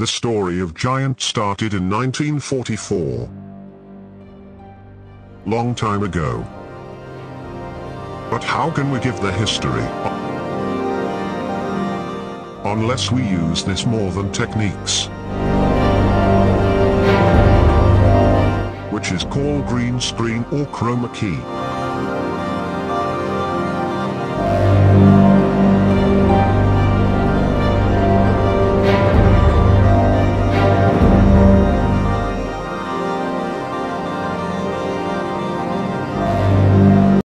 The story of Giant started in 1944. Long time ago. But how can we give the history? Unless we use this more than techniques. Which is called green screen or chroma key.